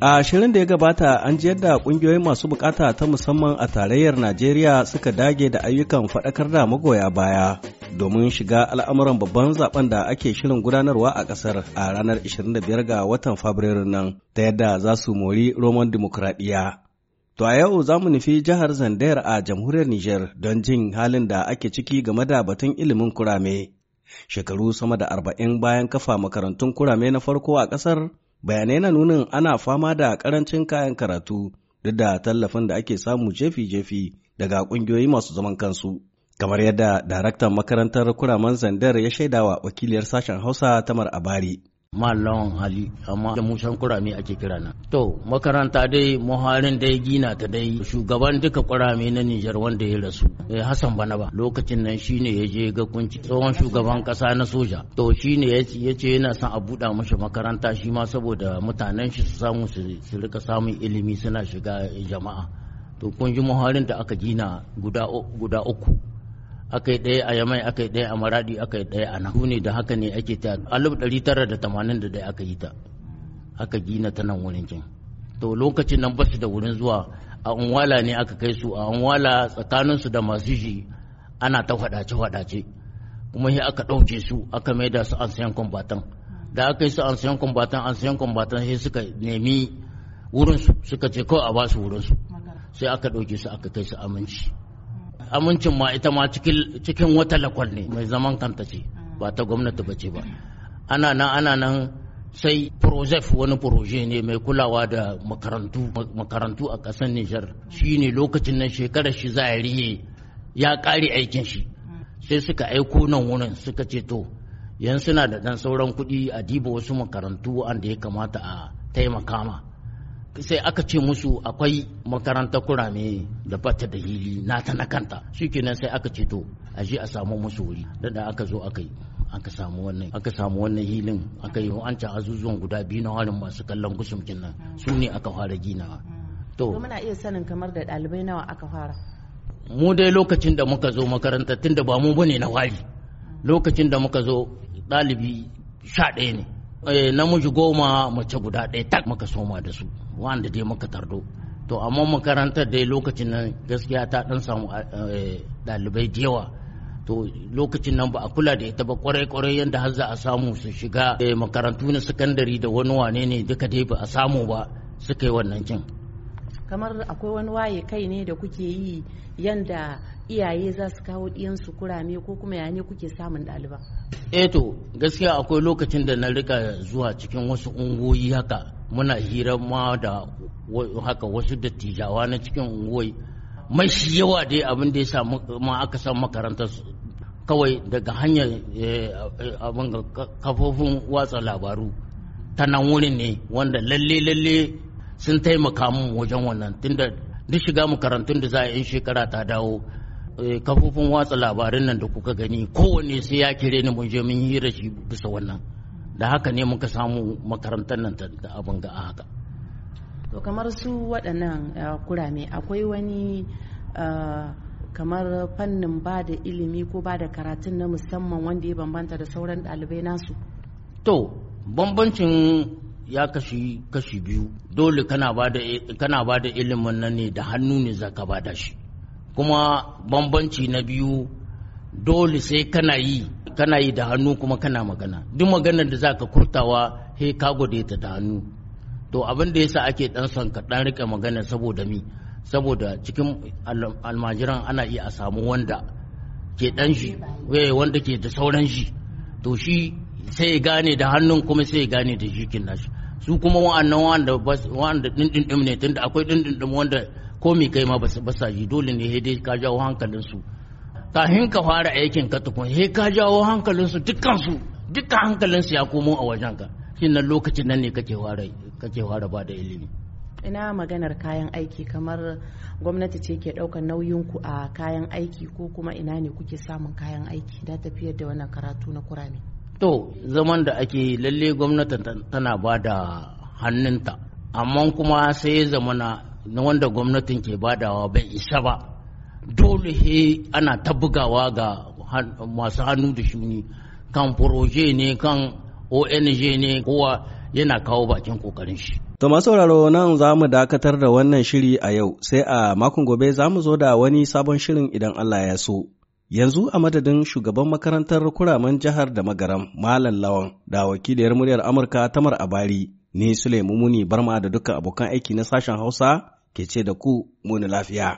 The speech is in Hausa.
A shirin da ya gabata an ji yadda kungiyoyin masu bukata ta musamman a tarayyar Najeriya suka dage da ayyukan faɗakar da magoya baya domin shiga al'amuran babban zaben da ake shirin gudanarwa a ƙasar a ranar 25 ga watan Fabrairu nan ta yadda za su mori Roman dimokuraɗiyya. To a yau za mu nufi jihar Zandayar a jamhuriyar Nijar don jin halin da ake ciki game da batun ilimin kurame. Shekaru sama da arba'in bayan kafa makarantun kurame na farko a ƙasar, bayanai na nunin ana fama da karancin kayan karatu duk da tallafin da ake samu jefi-jefi daga kungiyoyi masu zaman kansu kamar yadda daraktan makarantar kuraman zandar ya shaidawa wakiliyar sashen hausa tamar abari Malon hali, amma da Musan Kurame ake kira na. To makaranta dai muharin dai gina ta dai shugaban duka kurame na Nijar wanda ya rasu eh, Hassan bana ba. lokacin nan shine ya je ga kunci tsohon shugaban kasa na soja. To shine ya ce yana son a buɗa mashi makaranta shi ma saboda mutanen shi su samu su rika samun ilimi suna shiga eh, jama'a. To kun ji muharin da aka gina guda uku. aka yi ɗaya a yamai aka yi ɗaya a maradi aka yi ɗaya a nan ne da haka ne ake ta alif ɗari tara da tamanin da ɗaya aka yi ta aka gina ta nan wurin kin to lokacin nan basu da wurin zuwa a unwala ne aka kai su a unwala tsakaninsu da masu shi ana ta faɗace faɗace kuma sai aka ɗauke su aka da su an sayan kwambatan da aka yi su an sayan kwambatan an sayan kwambatan sai suka nemi wurinsu suka ce kawai a ba su wurinsu sai aka ɗauke su aka kai su aminci amincin ma ita ma cikin wata lakwal ne mai zaman kanta ce ba ta gwamnati ba ce ba ana nan ana nan sai projef wani proje ne mai kulawa da makarantu makarantu a ƙasar nijar shi ne lokacin nan shekarar shi za a ya ƙare aikin shi sai suka aiko nan wurin suka ce to yan suna da ɗan sauran kuɗi a diba wasu makarantu wanda ya kamata a taimaka ma sai aka ce musu akwai makarantar kurame da bata da hili na ta na kanta shikenan sai aka ce to a je a samu musu wuri da aka zo aka yi aka samu wannan aka samu wannan hilin aka yi an azuzuwan guda biyu na warin masu kallon kusurkin nan su ne aka fara gina. to muna iya sanin kamar da dalibai nawa aka fara mu dai lokacin da muka zo makaranta tun da ba mu bane na wari lokacin da muka zo ɗalibi sha ɗaya ne na eh, namiji goma mace guda ɗaya tak muka soma da su wanda dai muka tardo to amma makarantar dai lokacin nan gaskiya ta ɗan samu eh, ɗalibai da yawa to lokacin nan ba a kula da ita ba kwarai-kwarai yadda har za a samu su shiga eh, makarantu na sakandare da wani wane ne duka dai ba a samu ba suka yi wannan cin kamar akwai wani waye kai ne da kuke yi yanda iyaye za su kawo ɗiyansu kurame ko kuma ya ne kuke samun ɗaliba eto eh gaskiya akwai lokacin da na rika zuwa cikin wasu ungoyi haka muna hira ma da haka wasu dattijawa na cikin ungoyi mai shi yawa dai abin da ya sa ma aka san makaranta kawai daga hanyar eh, abin kafofin watsa labaru ta nan wurin ne wanda lalle lalle sun taimaka mu wajen wannan tunda duk shiga makarantun da za a yi shekara ta dawo Eh, kafofin watsa labarin nan da kuka gani kowanne sai ya kire ni mun mun hira shi bisa wannan da haka ne muka samu makarantar nan da abin ga haka to kamar su waɗannan eh, kurame akwai wani eh, kamar fannin ba da ilimi ko ba da karatun na musamman wanda ya bambanta da sauran ɗalibai nasu to bambancin ya kashi kashi biyu dole kana ba da ilimin nan ne da hannu ne zaka ba da shi kuma bambanci na biyu dole sai kana yi kana yi da hannu kuma kana magana duk maganar da za ka kurtawa he ka gode ta da hannu to abin da yasa ake dan son ka dan rike magana saboda mi saboda cikin almajiran ana iya a samu wanda ke dan shi eh, wanda ke da sauran shi to shi sai ya gane da hannun kuma sai ya gane da jikin nashi su kuma wa'annan wanda wa'anda dindindim ne tunda akwai dindindim wanda ko mi kai ma ba sa ji dole ne sai dai ka jawo hankalin su kafin ka fara aikin ka tukun sai ka jawo hankalin su dukkan su dukkan hankalin su ya komo a wajen ka shin lokacin nan ne kake fara kake fara ba da ilimi ina maganar kayan aiki kamar gwamnati ce ke ɗaukar nauyin ku a kayan aiki ko kuma ina ne kuke samun kayan aiki da tafiyar da wannan karatu na kurame to zaman da ake lalle gwamnati tana ba da hannunta amma kuma sai zamana na wanda gwamnatin ke badawa bai isa ba dole he ana ta bugawa ga masu hannu da shuni kan furoje ne kan ong ne kowa yana kawo bakin kokarin shi To masu sauraro nan za mu dakatar da wannan shiri a yau sai a makon gobe za mu zo da wani sabon shirin idan Allah ya so. Yanzu a madadin shugaban makarantar kuraman jihar da magaram Malam Lawan da wakiliyar muryar Amurka Tamar Abari ni sule mumuni Barma da dukkan abokan aiki na sashen Hausa ke ce da ku muni lafiya.